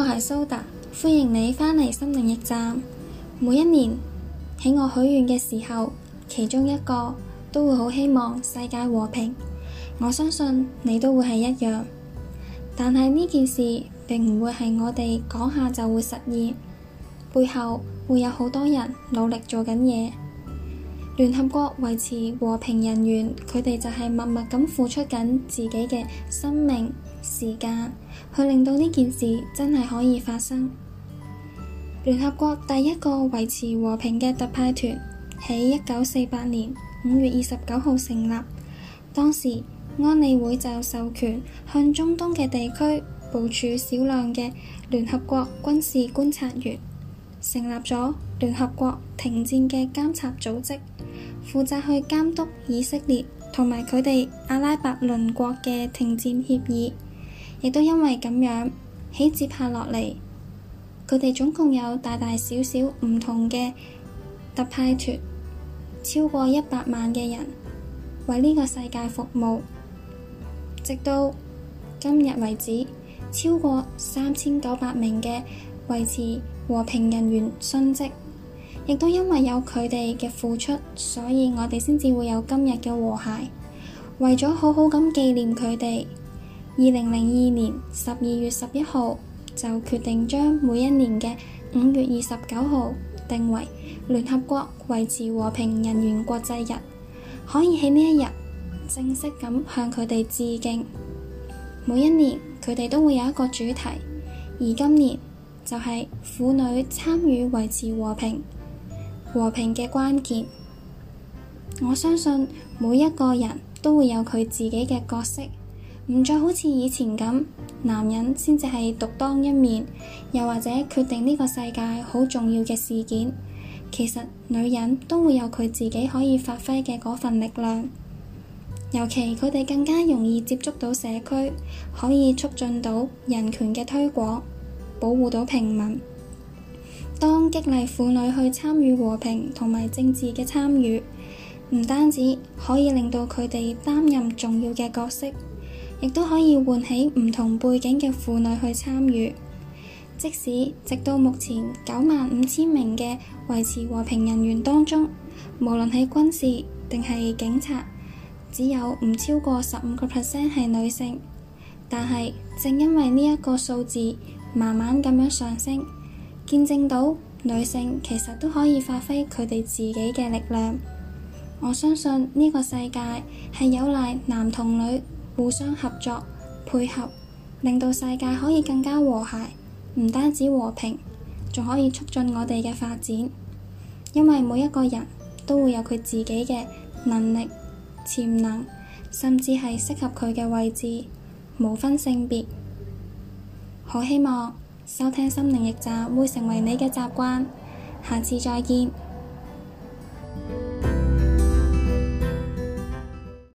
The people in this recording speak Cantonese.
我係蘇達，歡迎你返嚟心靈驛站。每一年喺我許願嘅時候，其中一個都會好希望世界和平。我相信你都會係一樣。但係呢件事並唔會係我哋講下就會實現，背後會有好多人努力做緊嘢。聯合國維持和平人員，佢哋就係默默咁付出緊自己嘅生命。時間去令到呢件事真係可以發生。聯合國第一個維持和平嘅特派團喺一九四八年五月二十九號成立，當時安理會就授權向中東嘅地區部署少量嘅聯合國軍事觀察員，成立咗聯合國停戰嘅監察組織，負責去監督以色列同埋佢哋阿拉伯鄰國嘅停戰協議。亦都因為咁樣，喺接下落嚟，佢哋總共有大大小小唔同嘅特派團，超過一百萬嘅人為呢個世界服務，直到今日為止，超過三千九百名嘅維持和平人員殉職。亦都因為有佢哋嘅付出，所以我哋先至會有今日嘅和諧。為咗好好咁紀念佢哋，二零零二年十二月十一號就決定將每一年嘅五月二十九號定為聯合國維持和平人員國際日，可以喺呢一日正式咁向佢哋致敬。每一年佢哋都會有一個主題，而今年就係婦女參與維持和平，和平嘅關鍵。我相信每一個人都會有佢自己嘅角色。唔再好似以前咁，男人先至係獨當一面，又或者決定呢個世界好重要嘅事件。其實女人都會有佢自己可以發揮嘅嗰份力量，尤其佢哋更加容易接觸到社區，可以促進到人權嘅推廣，保護到平民。當激勵婦女去參與和平同埋政治嘅參與，唔單止可以令到佢哋擔任重要嘅角色。亦都可以喚起唔同背景嘅婦女去參與，即使直到目前九萬五千名嘅維持和平人員當中，無論喺軍事定係警察，只有唔超過十五個 percent 係女性。但係正因為呢一個數字慢慢咁樣上升，見證到女性其實都可以發揮佢哋自己嘅力量。我相信呢個世界係有賴男同女，互相合作配合，令到世界可以更加和諧，唔單止和平，仲可以促進我哋嘅發展。因為每一個人都會有佢自己嘅能力、潛能，甚至係適合佢嘅位置，無分性別。好希望收聽心靈驛站會成為你嘅習慣，下次再見。